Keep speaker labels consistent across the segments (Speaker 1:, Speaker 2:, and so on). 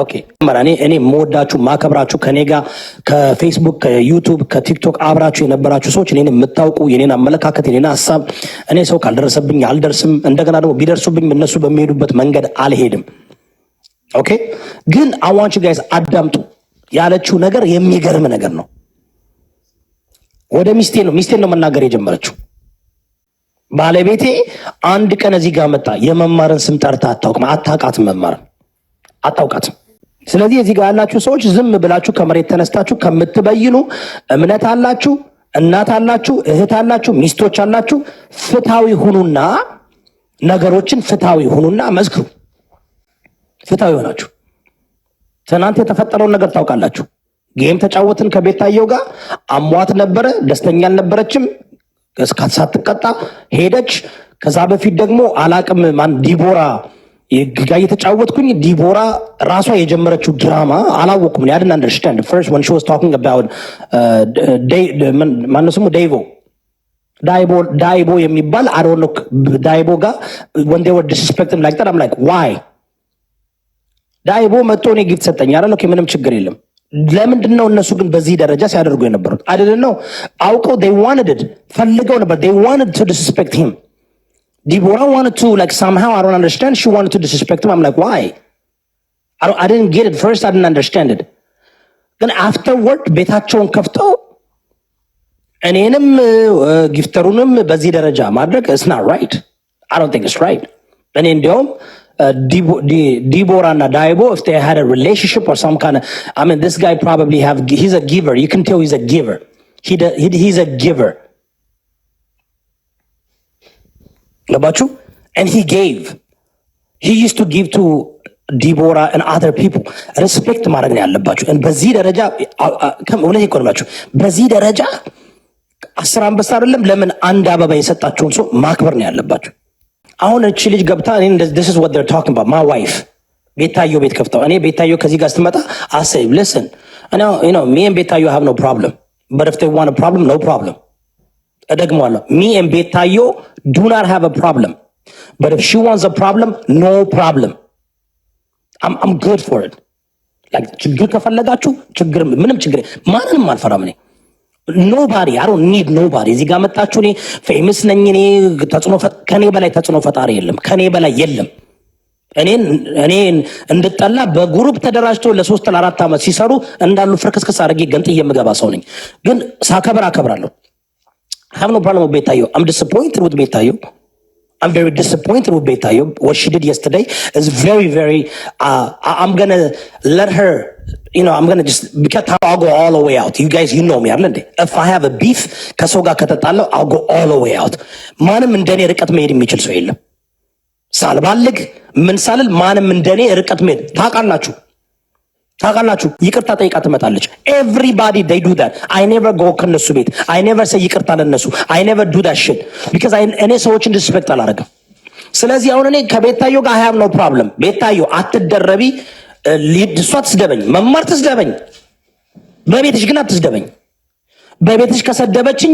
Speaker 1: ኦኬ እኔ እኔ የምወዳችሁ ማከብራችሁ ከኔ ጋር ከፌስቡክ ከዩቱብ ከቲክቶክ አብራችሁ የነበራችሁ ሰዎች እኔን የምታውቁ የኔን አመለካከት የኔን ሀሳብ እኔ ሰው ካልደረሰብኝ አልደርስም። እንደገና ደግሞ ቢደርሱብኝ እነሱ በሚሄዱበት መንገድ አልሄድም። ኦኬ ግን አዋንች ጋይስ አዳምጡ። ያለችው ነገር የሚገርም ነገር ነው። ወደ ሚስቴ ነው ሚስቴን ነው መናገር የጀመረችው። ባለቤቴ አንድ ቀን እዚህ ጋር መጣ። የመማርን ስም ጠርታ አታውቅም፣ አታውቃትም፣ መማርን አታውቃትም ስለዚህ እዚህ ጋር ያላችሁ ሰዎች ዝም ብላችሁ ከመሬት ተነስታችሁ ከምትበይኑ እምነት አላችሁ፣ እናት አላችሁ፣ እህት አላችሁ፣ ሚስቶች አላችሁ፣ ፍትሐዊ ሁኑና ነገሮችን ፍትሐዊ ሁኑና መስክሩ። ፍትሐዊ ሆናችሁ ትናንት የተፈጠረውን ነገር ታውቃላችሁ። ጌም ተጫወትን ከቤታየው ጋር አሟት ነበረ። ደስተኛ አልነበረችም። ሳትቀጣ ሄደች። ከዛ በፊት ደግሞ አላቅም ማን ዲቦራ ጋር እየተጫወትኩኝ ዲቦራ ራሷ የጀመረችው ድራማ አላወኩም። ያድን አንደርስታንድ ፈርስት ወን ሺ ዋዝ ታኪንግ አባውት ማነው ስሙ ዴይቮ ዳይቦ የሚባል አዶኖ ዳይቦ ጋር ወንዴ ወር ዲስስፔክት ላይጠር አም ላይክ ዋይ ዳይቦ መጥቶ እኔ ጊፍት ሰጠኝ አለ። ኦኬ ምንም ችግር የለም። ለምንድን ነው እነሱ ግን በዚህ ደረጃ ሲያደርጉ የነበሩት? አይደል ነው አውቀው ዴይ ዋንድድ ፈልገው ነበር ዴይ ዋንድ ቱ ዲስስፔክት ሂም Deborah wanted to like somehow I don't understand. She wanted to disrespect him. I'm like, why? I I didn't get it first. I didn't understand it. Then after afterward, ቤታቸውን ከፍተው እኔንም ጊፍተሩንም በዚህ ደረጃ ማድረግ it's not right. I don't think it's right. Uh, and in እንዲያውም ዲቦራ እና ዳይቦ if they had a relationship or some kind of I mean this guy probably have he's a giver. You can tell he's a giver. He, he's a giver. ገባችሁ? and he gave he used to give to ዲቦራ and other people ሬስፔክት ማድረግ ነው ያለባችሁ። በዚህ ደረጃ እውነት እኮ ነው የምላችሁ። በዚህ ደረጃ አስር አንበሳ አይደለም ለምን አንድ አበባ የሰጣችሁን ሰው ማክበር ነው ያለባችሁ። አሁን እቺ ልጅ ገብታ this is what they're talking about my wife ቤታዮ ቤት ከፍተው እኔ ቤታዮ ከዚህ ጋር ስትመጣ አሰይ listen you know me and ቤታዮ have no problem but if they want a problem no problem እደግመዋለሁ። ሚ ኤን ቤታዮ ዱ ናት ሃቭ አ ፕሮብለም በት ኢፍ ሺ ዋንትስ አ ፕሮብለም ኖ ፕሮብለም አም ጉድ ፎር ኢት። ችግር ከፈለጋችሁ ችግር ምንም ችግር ማንንም አልፈራም እኔ ኖባዲ አሮ ኒድ ኖባዲ። እዚህ ጋር መጣችሁ። እኔ ፌሚስ ነኝ። እኔ ተጽዕኖ ከኔ በላይ ተጽዕኖ ፈጣሪ የለም፣ ከኔ በላይ የለም። እኔን እኔን እንድጠላ በግሩፕ ተደራጅቶ ለሶስት ለአራት ዓመት ሲሰሩ እንዳሉ ፍርክስክስ አድርጌ ገንጥ እየምገባ ሰው ነኝ። ግን ሳከብር አከብራለሁ። have no problem with Betayo. I'm disappointed with Betayo. I'm very disappointed with Betayo. What she did yesterday is very, very. Uh, I, am gonna let her. You know, I'm gonna just because I'll go all the way out. You guys, you know me, Arlende. If I have a beef, kasoga katatalo, I'll go all the way out. ማንም እንደኔ ርቀት መሄድ የሚችል ሰው የለም። ሳልባልግ ምን ሳልል ማንም እንደኔ ርቀት መሄድ ታውቃላችሁ። ታውቃላችሁ ይቅርታ ጠይቃ ትመጣለች። ኤቭሪባዲ ዴይ ዱ ዳት አይ ኔቨር ጎ ከነሱ ቤት አይ ኔቨር ሰ ይቅርታ ለነሱ አይ ኔቨር ዱ ዳት ሽት ቢካዝ እኔ ሰዎችን ዲስፔክት አላደርግም። ስለዚህ አሁን እኔ ከቤታዮ ጋር ሀያም ኖ ፕሮብለም። ቤታዮ አትደረቢ፣ እሷ ትስደበኝ፣ መማር ትስደበኝ፣ በቤትሽ ግን አትስደበኝ። በቤትሽ ከሰደበችኝ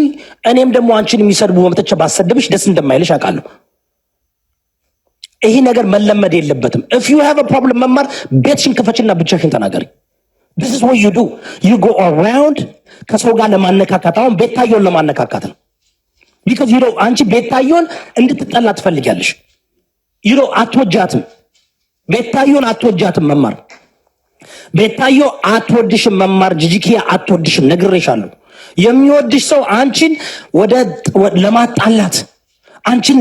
Speaker 1: እኔም ደግሞ አንቺን የሚሰድቡ መምተቸ ባሰደብሽ ደስ እንደማይልሽ አውቃለሁ። ይሄ ነገር መለመድ የለበትም። ኢፍ ዩ ሃቭ ፕሮብለም መማር ቤትሽን ክፈችና ብቻሽን ተናገሪ። ዲስ ኢዝ ዋት ዩ ዱ ዩ ጎ አራውንድ ከሰው ጋር ለማነካካት አሁን ቤታየውን ለማነካካት ነው። ቢካዝ ዩ አንቺ ቤታየውን እንድትጠላ ትፈልጊያለሽ። ዩ አትወጃትም። ቤታየውን አትወጃትም መማር ቤታዮ አትወድሽም መማር። ጂጂኪያ አትወድሽም፣ ነግሬሻለሁ። የሚወድሽ ሰው አንቺን ወደ ለማጣላት አንቺን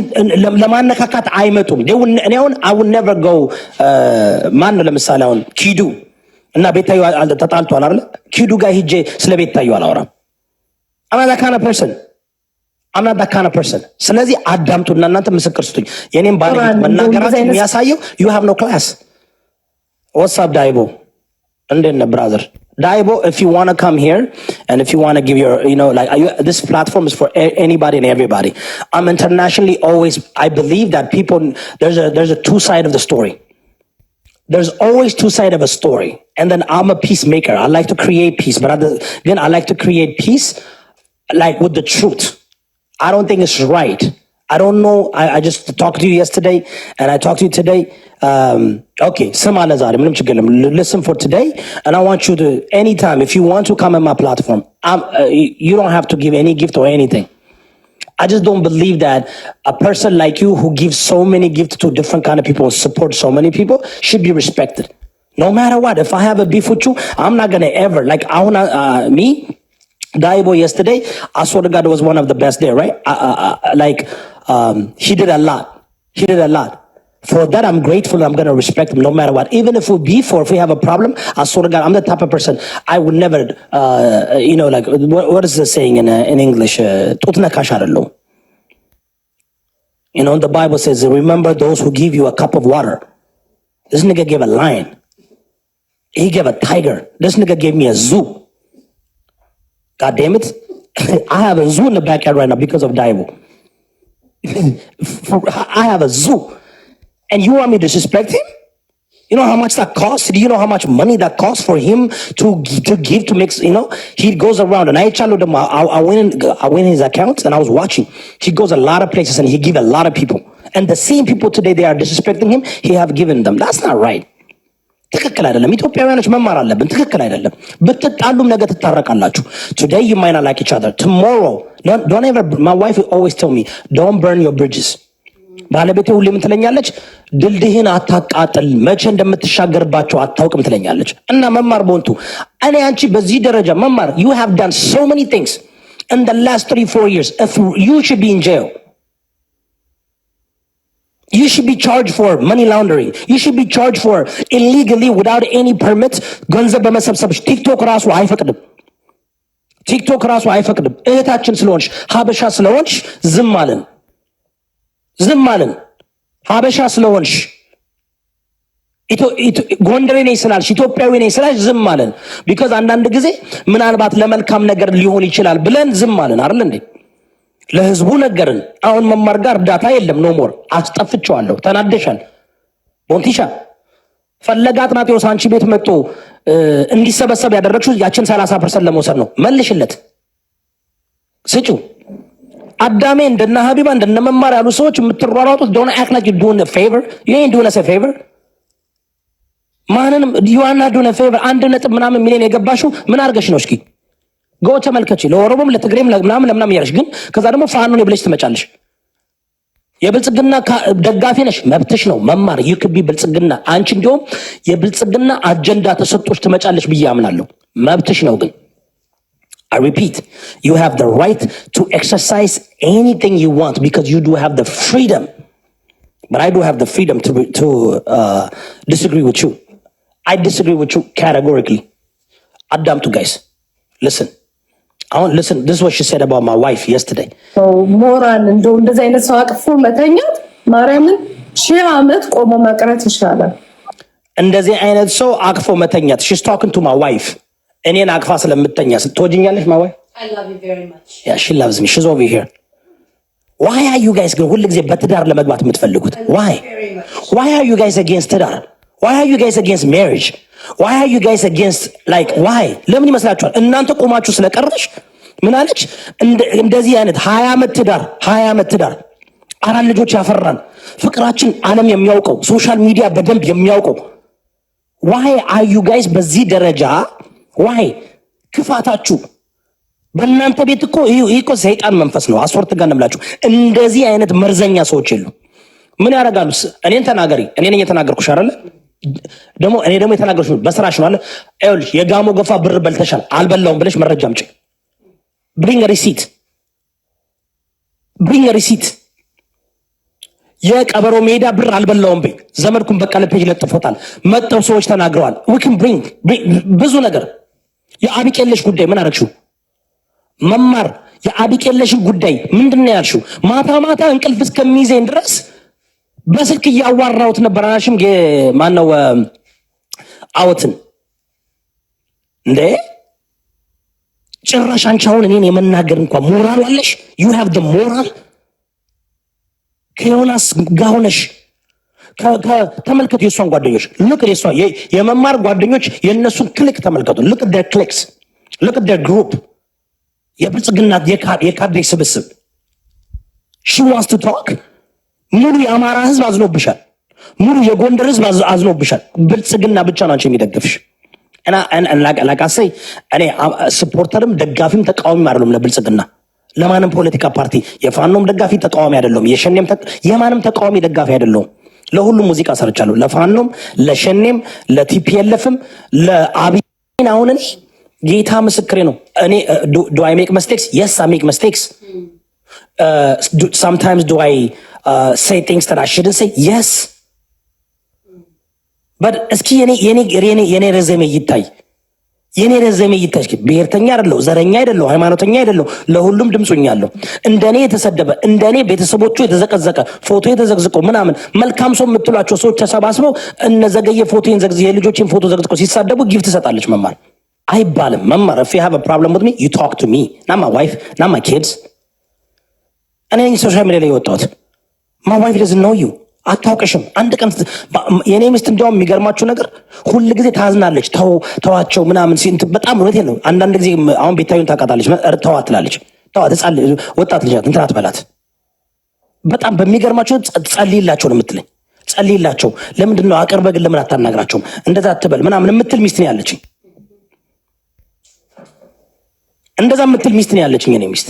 Speaker 1: ለማነካካት አይመጡም። እኔ አሁን አውን ነቨር ጎ ማን ነው ለምሳሌ አሁን ኪዱ እና ቤታዩ ተጣልቷል አለ ኪዱ ጋር ሂጄ ስለ ቤታዩ አላወራም። አናዳካና ፐርሰን አናዳካና ፐርሰን። ስለዚህ አዳምጡና እናንተ ምስክር ስጡኝ። የኔም ባለ መናገራት የሚያሳየው ዩ ሃቭ ኖ ክላስ። ወሳብ ዳይቦ እንዴት ነህ ብራዘር? Daibo, if you want to come here and if you want to give your, you know, like you, this platform is for a, anybody and everybody. I'm internationally always, I believe that people, there's a, there's a two side of the story. There's always two side of a story. And then I'm a peacemaker. I like to create peace, but then I like to create peace like with the truth. I don't think it's right I don't know. I, I just talked to you yesterday and I talked to you today. Um, okay, some others ዛሬ Listen for today and I want you to anytime if you want to come in my platform, I'm, uh, you don't have to give any gift or anything. I just don't believe that a person like you who gives so many gifts to different kind of people, support so many people, should be respected. No matter what, if I have a beef with you, I'm not gonna ever like I wanna uh, me Daibo yesterday. I swear to God, it was one of the best day, right? I, I, I, like um, he did a lot. He did a lot. For that, I'm grateful. I'm going to respect him no matter what. Even if we beef or if we have a problem, I swear to God, I'm the type of person I would never, uh, you know, like, what, what is the saying in, uh, in English? Uh, you know, the Bible says, remember those who give you a cup of water. This nigga gave a lion. He gave a tiger. This nigga gave me a zoo. God damn it. I have a zoo in the backyard right now because of diablo. I have a zoo. And you want me to disrespect him? You know how much that costs? Do you know how much money that costs for him to to give to make? You know, he goes around, and I followed him. I, I went in, I went in his accounts, and I was watching. He goes a lot of places, and he give a lot of people. And the same people today they are disrespecting him. He have given them. That's not right. ትክክል አይደለም። ኢትዮጵያውያኖች መማር አለብን። ትክክል አይደለም። ብትጣሉም ነገ ትታረቃላችሁ። ዩ ማይና ላይክ ኢች not don't ever my wife will always tell me don't burn your bridges ባለቤቴ ሁሌ ምን ትለኛለች? አታቃጥል፣ መቼ እንደምትሻገርባቸው አታውቅም ትለኛለች። እና መማር በወንቱ እኔ አንቺ በዚህ ደረጃ መማር you have done so many things in the last three four years you should be in jail you should be charged for money laundering you should be charged for illegally without any permit ገንዘብ ቲክቶክ ራሱ አይፈቅድም ቲክቶክ ራሱ አይፈቅድም። እህታችን ስለሆንሽ ሀበሻ ስለሆንሽ ዝም አለን ዝም አለን። ሀበሻ ስለሆንሽ ጎንደሬ ነኝ ስላልሽ ኢትዮጵያዊ ነኝ ስላልሽ ዝም አለን። ቢካዝ አንዳንድ ጊዜ ምናልባት ለመልካም ነገር ሊሆን ይችላል ብለን ዝም አለን አይደል እንዴ? ለህዝቡ ነገርን። አሁን መማር ጋር እርዳታ የለም። ኖ ሞር አስጠፍቼዋለሁ። ተናደሻል ቦንቲሻ ፈለገ አጥናቴዎስ አንቺ ቤት መጥቶ እንዲሰበሰብ ያደረግሽው ያችን 30 ፐርሰንት ለመውሰድ ነው። መልሽለት፣ ስጩ። አዳሜ እንደነ ሀቢባ እንደነ መማር ያሉ ሰዎች የምትሯሯጡት ዶን አክት ላይክ ዩ ዱን ፌቨር ዩ አይን ዱን አስ ፌቨር ማንንም ዩዋና ዱን ፌቨር አንድ ነጥብ ምናምን ሚሊዮን የገባሽው ምን አድርገሽ ነው? እስኪ ጎ ተመልከች፣ ለኦሮሞም ለትግሬም ምናምን ለምናምን እያለሽ ግን ከዛ ደግሞ ፋኖን የብለሽ ትመጫለሽ። የብልጽግና ደጋፊ ነሽ፣ መብትሽ ነው መማር። ይህ ክቢ ብልጽግና አንቺ እንዲሁም የብልጽግና አጀንዳ ተሰጦች ትመጫለሽ ብዬ አምናለሁ። መብትሽ ነው ግን I repeat, you have the right to exercise anything you want because you do have the freedom. But I do have the freedom to, to uh, disagree with you. I disagree with you categorically. አዳምጡ guys. Listen. አሁን ልስን ዲስ ዋት ሺ ሴድ አባውት ማይ ዋይፍ የስተርዴይ
Speaker 2: ሞራል እንደው እንደዚህ አይነት ሰው አቅፎ መተኛት ማርያምን ሺህ ዓመት ቆሞ መቅረት ይሻላል።
Speaker 1: እንደዚህ አይነት ሰው አቅፎ መተኛት ሺስ ቶክን ቱ ማይ ዋይፍ እኔን አቅፋ ስለምተኛ ስትወጂኛለሽ ማይ ዋይፍ ያ ሺ ላቭዝ ሚ ሺዝ ኦቨር ሂር ዋይ አር ዩ ጋይስ ግን ሁል ጊዜ በትዳር ለመግባት የምትፈልጉት ዋይ ዋይ አር ዩ ጋይስ አጌንስት ትዳር ዋይ አር ዩ ጋይስ አጌንስት ሜሪጅ ዋይ አር ዩ ጋይስ አጌንስት ላይክ ዋይ ለምን ይመስላችኋል? እናንተ ቆማችሁ ስለቀረሽ ምን አለች? እንደዚህ አይነት ሀያ ዓመት ትዳር ሀያ ዓመት ትዳር አራት ልጆች ያፈራን ፍቅራችን አለም የሚያውቀው ሶሻል ሚዲያ በደንብ የሚያውቀው ዋይ አር ዩ ጋይስ በዚህ ደረጃ ዋይ ክፋታችሁ በእናንተ ቤት እኮ ይህ እኮ ሰይጣን መንፈስ ነው። አስወርት ጋር እንደምላችሁ እንደዚህ አይነት መርዘኛ ሰዎች የሉ። ምን ያደርጋሉ? እኔን ተናገሪ። እኔ ነኝ አይደለ? ደግሞ እኔ ደግሞ የተናገርሽ በስራሽ ነው አለ። ይኸውልሽ የጋሞ ጎፋ ብር በልተሻል፣ አልበላውም ብለሽ መረጃ አምጪ። ብሪንግ ሪሲት ብሪንግ ሪሲት። የቀበሮ ሜዳ ብር አልበላውም ቤ ዘመድኩን በቀለ ፔጅ ለጥፎታል። መጠው ሰዎች ተናግረዋል። ዊክን ብሪንግ ብዙ ነገር። የአቢቄለሽ ጉዳይ ምን አረግሽው? መማር የአብቄለሽ ጉዳይ ምንድን ነው ያልሽው? ማታ ማታ እንቅልፍ እስከሚይዘኝ ድረስ በስልክ እያዋራሁት ነበር። አላሽም ማነው አወትን እንዴ? ጭራሽ አንቺ አሁን እኔን የመናገር እንኳ ሞራል አለሽ? ዩ ሃቭ ደ ሞራል ከዮናስ ጋር ሆነሽ ተመልከቱ። የእሷን ጓደኞች ልቅ የመማር ጓደኞች የእነሱን ክሊክ ተመልከቱ። ልቅ ደ ክሊክስ ልቅ ደ ግሩፕ የብልጽግና የካድሬ ስብስብ ሺ ዋንስ ቱ ታክ ሙሉ የአማራ ህዝብ አዝኖብሻል። ሙሉ የጎንደር ህዝብ አዝኖብሻል። ብልጽግና ብቻ ናቸው የሚደግፍሽ። ላቃሰይ እኔ ስፖርተርም ደጋፊም ተቃዋሚም አይደለም ለብልጽግና ለማንም ፖለቲካ ፓርቲ የፋኖም ደጋፊ ተቃዋሚ አይደለሁም። የሸኔም የማንም ተቃዋሚ ደጋፊ አይደለሁም። ለሁሉም ሙዚቃ ሰርቻለሁ። ለፋኖም፣ ለሸኔም፣ ለቲፒኤልኤፍም ለአብይን አሁን እኔ ጌታ ምስክሬ ነው። እኔ ዶ አይ ሜክ መስቴክስ የስ አይ ሜክ መስቴክስ ሳምታይምስ ዱ አይ ሴይ ቲንግስ ታት አይ ሹድንት ሴይ የስ እስኪ የኔ ረዘሜ ይታይ የኔ ረዘሜ ይታይ። ብሔርተኛ አይደለሁ፣ ዘረኛ አይደለሁ፣ ሃይማኖተኛ አይደለሁ። ለሁሉም ድምፁኛለሁ። እንደኔ የተሰደበ እንደኔ ቤተሰቦቹ የተዘቀዘቀ ፎቶ የተዘግዝቆ ምናምን መልካም ሰው የምትሏቸው ሰዎች ተሰባስበው እነዘገየ ፎቶን ዘግዝ የልጆችን ፎቶ ዘቅዝቆ ሲሳደቡ ጊፍት ትሰጣለች መማር አይባልም። መማር ፍ ሀ ፕሮብለም ሚ ዩ ቶክ ቱ ሚ ና ዋይፍ ና ማ ኪድስ እኔ ሶሻል ሚዲያ ላይ የወጣሁት ዋይፍ ቪደዝ ነው ዩ አታውቅሽም። አንድ ቀን የእኔ ሚስት እንዲያውም የሚገርማችሁ ነገር ሁል ጊዜ ታዝናለች። ተዋቸው ምናምን ሲ በጣም እውነት ነው። አንዳንድ ጊዜ አሁን ቤታዩን ታውቃታለች። ተዋ ትላለች። ተዋ ወጣት ልጅ ናት፣ እንትን አትበላት። በጣም በሚገርማቸው ጸልይላቸው ነው የምትለኝ። ጸልይላቸው ለምንድን ነው አቅርበ ግን ለምን አታናግራቸውም? እንደዛ አትበል ምናምን የምትል ሚስት ነው ያለችኝ። እንደዛ የምትል ሚስት ነው ያለችኝ የእኔ ሚስት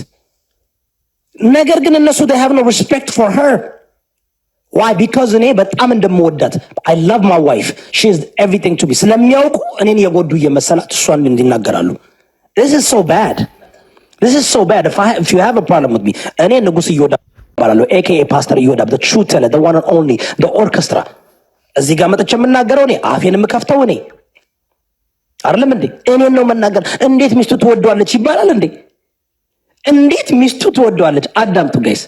Speaker 1: ነገር ግን እነሱ they have no respect for her ዋይ ቢካዝ እኔ በጣም እንደምወዳት አይ ላቭ ማይ ዋይፍ ሺ ኢዝ ኤቭሪቲንግ ቱ ቢ ስለሚያውቁ እኔን የጎዱ እየመሰላት እሷን እንዲናገራሉ this is so bad this is so bad if, I, if you have a problem with me እኔ ንጉስ እዮዳ እባላለሁ ኤኬኤ ፓስተር እዮዳ the true teller the one and only the orchestra እዚህ ጋር መጥቼ የምናገረው እኔ አፌን የምከፍተው እኔ አይደለም እንዴ እኔን ነው መናገር እንዴት ሚስቱ ትወዷለች ይባላል እንዴ እንዴት ሚስቱ ትወደዋለች? አዳምጡ ጋይስ።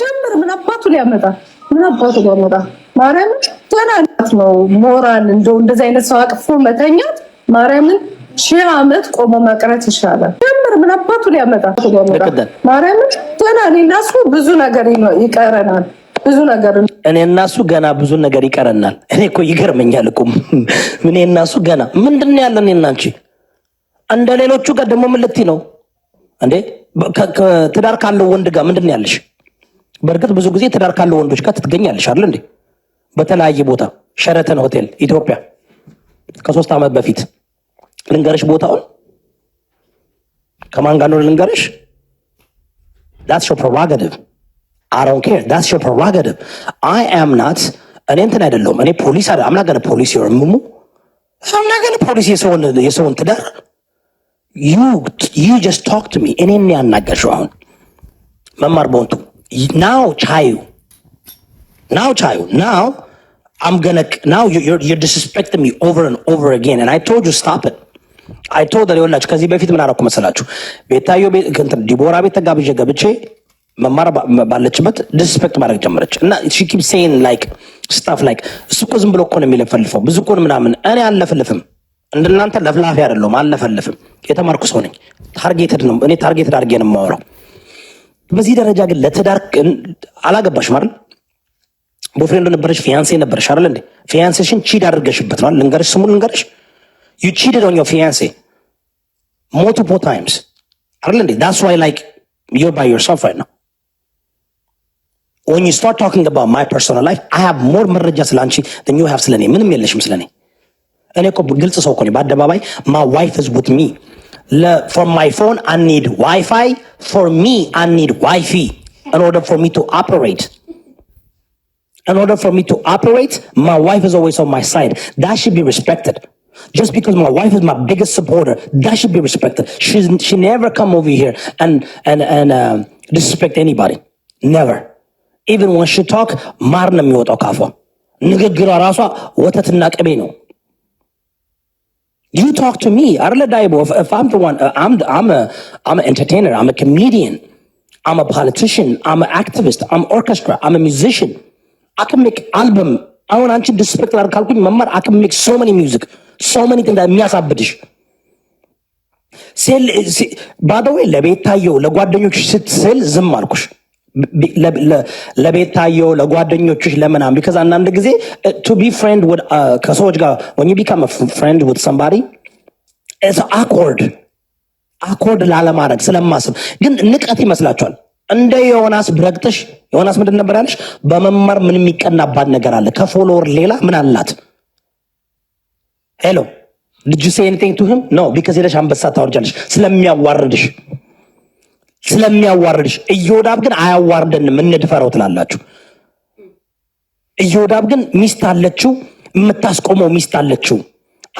Speaker 2: ጨምር ምን አባቱ ሊያመጣ ምን አባቱ ሊያመጣ ማርያምን ተናናት ነው ሞራል እንደው እንደዚህ አይነት ሰው አቅፎ መተኛት ማርያምን ሺህ ዓመት ቆሞ መቅረት ይሻላል። ጨምር ምን አባቱ ሊያመጣ ማርያምን ገና እኔ እና እሱ ብዙ ነገር ይቀረናል። ብዙ ነገር
Speaker 1: እኔ እና እሱ ገና ብዙ ነገር ይቀረናል። እኔ እኮ ይገርመኛል እኮ እኔ እና እሱ ገና ምንድን ነው ያለን እኔ እና አንቺ እንደ ሌሎቹ ጋር ደግሞ ምን ነው እንዴ ትዳር ካለው ወንድ ጋር ምንድን ያለሽ? በእርግጥ ብዙ ጊዜ ትዳር ካለው ወንዶች ጋር ትገኛለሽ አለ እንዴ በተለያየ ቦታ ሸረተን ሆቴል ኢትዮጵያ ከሶስት ዓመት በፊት ልንገርሽ፣ ቦታውን ከማን ጋር ነው ልንገርሽ? ዳትስ ሾ ፕሮሮጋቲቭ አይ ዶንት ኬር ዳትስ ዮር ፕሮሮጋቲቭ አይ አም ናት። እኔ እንትን አይደለሁም እኔ ፖሊስ አምናገነ ፖሊስ ዮር ምሙ አምናገነ ፖሊስ የሰውን የሰውን ትዳር ዩ ዩ ጀስት ቶክ ቱ ሚ እኔን ያናገርሽው አሁን መማር በወንቱ ናው ቻዩ ናው ቻዩ ናው አም ገነ ናው ዩ ዲስስፔክት ሚ ኦቨር ን ኦቨር አጌን ን አይ ቶልድ ዩ ስታፕ ት አይ ቶልድ ሊሆላችሁ ከዚህ በፊት ምን አደረኩ መሰላችሁ? ቤታዮ ዲቦራ ቤት ተጋብዤ ገብቼ መማር ባለችበት ዲስስፔክት ማድረግ ጀመረች እና ሺ ኪፕ ሴይን ላይክ ስታፍ ላይክ እሱ እኮ ዝም ብሎ እኮ ነው የሚለፈልፈው ብዙ እኮ ምናምን እኔ አልለፈልፍም እንደናንተ ለፍላፊ አይደለሁም፣ አለፈልፍም። የተማርኩ ሰው ነኝ። ታርጌትድ ነው እኔ ታርጌትድ አድርጌ ነው የማወራው። በዚህ ደረጃ ግን ለትዳር አላገባሽም አይደል? ቦፍሬንዶ ነበረሽ፣ ፊያንሴ ነበረሽ አይደል እንዴ? ፊያንሴሽን ቺድ አድርገሽበት ነው። ልንገርሽ፣ ስሙን ልንገርሽ፣ ዩ ቺድድ ኦን ዮር ፊያንሴ ሞልቲፕል ታይምስ አይደል እንዴ? ዳትስ ዋይ ላይክ ዩር ባይ ዮርሰልፍ ራይት ነው ን ስታርት ታኪንግ አባውት ማይ ፐርሶናል ላይፍ አይ ሃቭ ሞር መረጃ ስለ አንቺ ዩ ሃቭ ስለኔ ምንም የለሽም ስለኔ እኔ እኮ ግልጽ ሰው እኮ ነኝ። በአደባባይ ማ ዋይፍ ኢዝ ዊት ሚ ፎር ማይ ፎን አንኒድ ዋይፋይ ፎር ሚ አንኒድ ዋይፊ ኢን ኦርደር ፎር ሚ ቱ ኦፐሬት ኢን ኦርደር ፎር ሚ ቱ ኦፐሬት ማ ዋይፍ ኢዝ ኦልዌይስ ኦን ማይ ሳይድ ዳት ሹድ ቢ ሪስፔክትድ just because my wife is my biggest supporter that should be respected She's, she never come over here and and and uh, disrespect anybody never even when she talk ማር ነው የሚወጣው ካፏ ንግግሯ ራሷ ወተትና ቅቤ ነው ዩ ታክ ቱ ሚ አርለ ዳይቦ ኤንተርቴነር አም ኮሜዲያን አም ፖለቲሽን አም አክቲቪስት አም ኦርኬስትራ አም ሚዚሽን አክሚክ አልበም አሁን አንቺ ዲስፔክት ላር ካልኩኝ መማር አክሚክ ሶ መኒ ሚውዚክ ሶ መኒ የሚያሳብድሽ ባደዌ ለቤታየው ለጓደኞች ስትስል ዝም አልኩሽ። ለቤታዮ ለጓደኞችሽ ለምናም ቢካዝ አንዳንድ ጊዜ ቱ ቢ ፍሬንድ ከሰዎች ጋር ወኝ ቢካም ፍሬንድ ውት ሰምባሪ አኮርድ አኮርድ ላለማድረግ ስለማስብ ግን ንቀት ይመስላችኋል። እንደ ዮናስ ብረግጥሽ ዮናስ ምንድን ነበር ያለሽ? በመማር ምን የሚቀናባት ነገር አለ? ከፎሎወር ሌላ ምን አላት? ሄሎ ልጅ ዩ ሴይ ቱ ኖ ቢካዝ ሄደሽ አንበሳ ታወርጃለሽ ስለሚያዋርድሽ ስለሚያዋርድሽ። እዮዳብ ግን አያዋርደንም፣ እንደፈረው ትላላችሁ። እዮዳብ ግን ሚስት አለችው፣ የምታስቆመው ሚስት አለችው።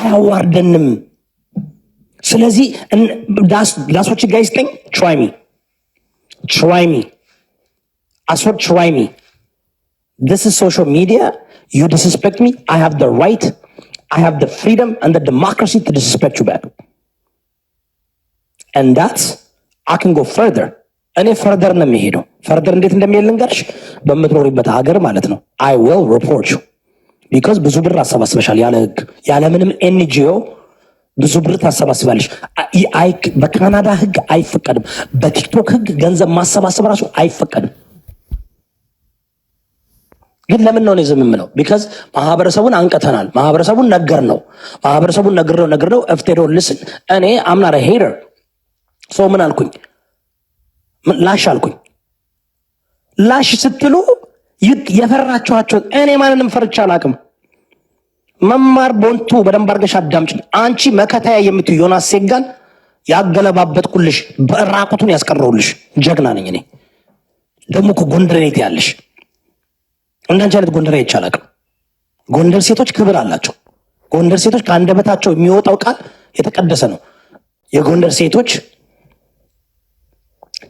Speaker 1: አያዋርደንም። ስለዚህ ዳሶች ጋይስ ጠኝ ትራይሚ ትራይሚ አስወር ትራይሚ ስ ሶሻል ሚዲያ ዩ ዲስስፔክት ሚ አይ ሃቭ ደ ራይት አይ ሃቭ ደ ፍሪደም አንድ ዲሞክራሲ ቱ ዲስስፔክት ዩ ባክ አክን ጎ ፈርደር እኔ ፈርደር ነው የሚሄደው። ፈርደር እንዴት እንደሚሄድ ልንገርሽ። በምትኖሪበት ሀገር ማለት ነው። አይ ዌል ሪፖርት ቢካዝ ብዙ ብር አሰባስበሻል ያለ ህግ፣ ያለ ምንም ኤንጂኦ ብዙ ብር ታሰባስባለሽ። በካናዳ ህግ አይፈቀድም። በቲክቶክ ህግ ገንዘብ ማሰባሰብ ራሱ አይፈቀድም። ግን ለምን ነው ዝም የምለው? ቢካዝ ማህበረሰቡን አንቀተናል። ማህበረሰቡን ነገር ነው ማህበረሰቡን ነግር ነው ነግር ነው እፍቴዶ ልስን እኔ አምናር ሄደር ሰው ምን አልኩኝ? ላሽ አልኩኝ። ላሽ ስትሉ የፈራችኋቸው እኔ ማንንም ፈርቻ አላቅም። መማር ቦንቱ በደንብ አድርገሽ አዳምጪ። አንቺ መከታያ የምትዩ ዮናስ ሴጋን ያገለባበጥኩልሽ በራቁቱን ያስቀረውልሽ ጀግና ነኝ እኔ። ደግሞ እኮ ጎንደር ኔት ያለሽ እንዳንቺ አይነት ጎንደር አይቼ አላቅም። ጎንደር ሴቶች ክብር አላቸው። ጎንደር ሴቶች ከአንደበታቸው የሚወጣው ቃል የተቀደሰ ነው። የጎንደር ሴቶች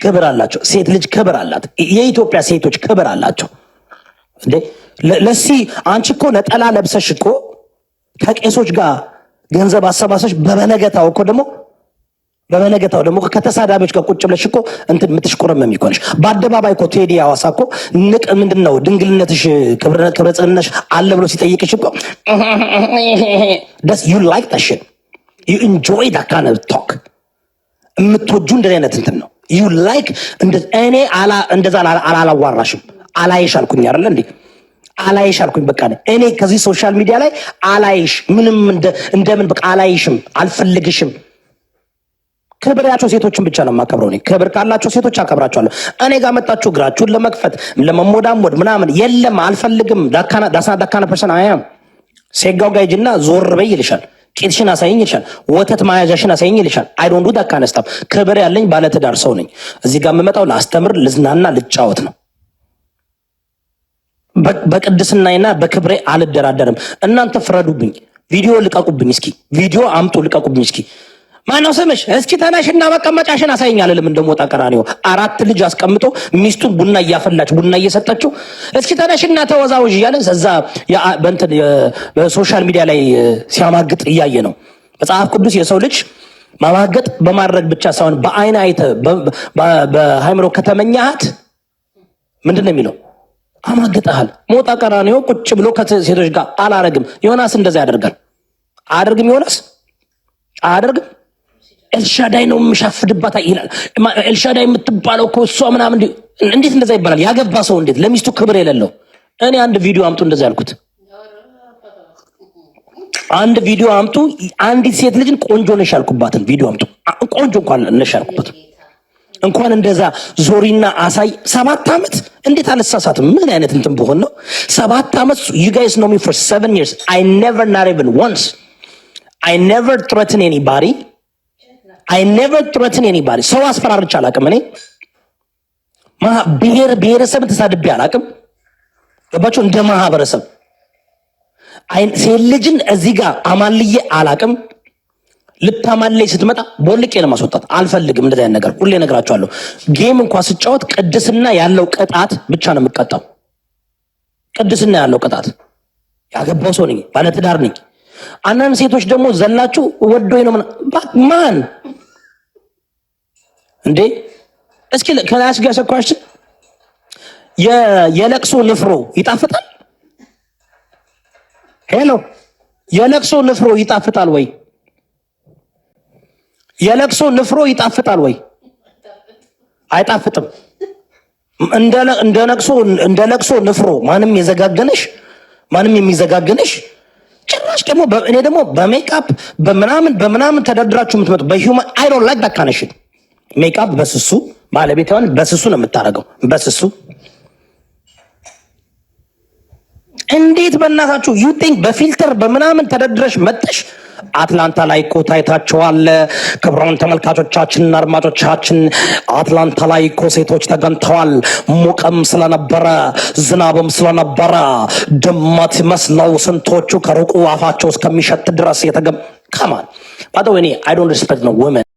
Speaker 1: ክብር አላቸው። ሴት ልጅ ክብር አላት። የኢትዮጵያ ሴቶች ክብር አላቸው። እንዴ ለሲ አንቺ እኮ ነጠላ ለብሰሽ እኮ ከቄሶች ጋር ገንዘብ አሰባሰሽ በበነገታው እኮ ደግሞ በበነገታው ደግሞ ከተሳዳቢዎች ጋር ቁጭ ብለሽ እኮ እንትን የምትሽቆረመም ይኮንሽ በአደባባይ እኮ ቴዲ አዋሳ እኮ ንቅ ምንድን ነው ድንግልነትሽ ክብረ ጽንነሽ አለ ብሎ ሲጠይቅሽ እኮ ደስ ዩ ላይክ ታሽን ዩ ኢንጆይ ዳካነ ቶክ የምትወጁ እንደዚህ አይነት እንትን ነው። ዩ ላይክ እኔ እንደዛ አላላዋራሽም አላይሽ አልኩኝ አይደለ እንዴ? አላይሽ አልኩኝ። በቃ እኔ ከዚህ ሶሻል ሚዲያ ላይ አላይሽ ምንም እንደምን በቃ አላይሽም፣ አልፈልግሽም። ክብር ያቸው ሴቶችን ብቻ ነው የማከብረው። እኔ ክብር ካላቸው ሴቶች አከብራቸዋለሁ። እኔ ጋር መጣችሁ እግራችሁን ለመክፈት ለመሞዳሞድ ምናምን የለም፣ አልፈልግም። ዳሳና ዳካና ፐርሰን አያም ሴጋው ጋይጅና ዞር በይ ይልሻል። ቄጥሽን አሳይኝ ይልሻል። ወተት ማያዣሽን አሳይኝ ይልሻል። አይ ዶንት ዱ ዳት ካይንድ ስታፍ። ክብር ያለኝ ባለትዳር ሰው ነኝ። እዚህ ጋር የምመጣው ላስተምር፣ ልዝናና፣ ልጫወት ነው። በቅድስናዬና በክብሬ አልደራደርም። እናንተ ፍረዱብኝ። ቪዲዮ ልቀቁብኝ እስኪ፣ ቪዲዮ አምጡ ልቀቁብኝ እስኪ። ማነው ስምሽ? እስኪ ተነሽና መቀመጫሽን አሳይኝ አልልም። እንደሞጣ ቀራኒዮ አራት ልጅ አስቀምጦ ሚስቱን ቡና እያፈላች ቡና እየሰጠችው እስኪ ተነሽና ተወዛውዥ እያለ እዛ በእንትን በሶሻል ሚዲያ ላይ ሲያማግጥ እያየ ነው። መጽሐፍ ቅዱስ የሰው ልጅ ማማገጥ በማድረግ ብቻ ሳይሆን በአይን አይተ በሃይምሮ ከተመኛሃት ምንድን ነው የሚለው? አማግጠሃል። ሞጣ ቀራኒዮ ቁጭ ብሎ ከሴቶች ጋር አላረግም። ዮናስ እንደዛ ያደርጋል። አያደርግም ዮናስ አያደርግም። ኤልሻዳይ ነው የምሻፍድባት ይላል። ኤልሻዳይ የምትባለው እኮ እሷ ምናምን እንዴት እንደዛ ይባላል? ያገባ ሰው እንዴት ለሚስቱ ክብር የሌለው። እኔ አንድ ቪዲዮ አምጡ እንደዛ ያልኩት አንድ ቪዲዮ አምጡ። አንዲት ሴት ልጅን ቆንጆ ነሽ ያልኩባትን ቪዲዮ አምጡ። ቆንጆ እንኳን ነሽ ያልኩበት እንኳን እንደዛ ዞሪና አሳይ። ሰባት ዓመት እንዴት አልሳሳትም? ምን አይነት እንትን ብሆን ነው? ሰባት ዓመት ዩጋይስ ኖሚ ኖ ፎር ሰቨን ይርስ አይ ኔቨር ናት ኢቨን ዋንስ አይ ኔቨር ትረትን ኤኒባዲ አይ ኔቨር ትረትን ኤኒባዲ። ሰው አስፈራርቼ አላቅም። እኔ ብሔር ብሔረሰብ ተሳድቤ አላቅም። ገባችሁ? እንደ ማህበረሰብ ሴት ልጅን እዚህ ጋር አማልዬ አላቅም። ልታማልለኝ ስትመጣ ቦልቄ ለማስወጣት አልፈልግም። እንደዚህ አይነት ነገር ሁሌ ነግራቸዋለሁ። ጌም እንኳ ስጫወት ቅድስና ያለው ቅጣት ብቻ ነው የምቀጣው። ቅድስና ያለው ቅጣት ያገባው ሰው ነኝ፣ ባለትዳር ነኝ። አንዳንድ ሴቶች ደግሞ ዘላችሁ ወዶኝ ነው ማን እንዴ እስኪ ከላስ ጋር ሰኳችን የለቅሶ ንፍሮ ይጣፍጣል። ሄሎ የለቅሶ ንፍሮ ይጣፍጣል ወይ? የለቅሶ ንፍሮ ይጣፍጣል ወይ? አይጣፍጥም። እንደ ለቅሶ እንደ ለቅሶ ንፍሮ ማንም የዘጋገነሽ ማንም የሚዘጋገነሽ ጭራሽ ደግሞ እኔ ደግሞ በሜካፕ በምናምን በምናምን ተደርድራችሁ የምትመጡ በሂውማን አይ ዶንት ላይክ ዳት ካነሽን ሜካፕ በስሱ ባለቤቷን በስሱ ነው የምታደርገው። በስሱ እንዴት በእናታችሁ ዩ ቲንክ በፊልተር በምናምን ተደድረሽ መጠሽ አትላንታ ላይ እኮ ታይታችኋል። ክብረውን ተመልካቾቻችንና አድማጮቻችን አትላንታ ላይ እኮ ሴቶች ተገንተዋል። ሙቀም ስለነበረ ዝናብም ስለነበረ ድመት መስለው ስንቶቹ ከሩቁ አፋቸው እስከሚሸት ድረስ የተገ ከማን ባጠ ወኔ አይ ዶንት ሪስፔክት ነው ወመን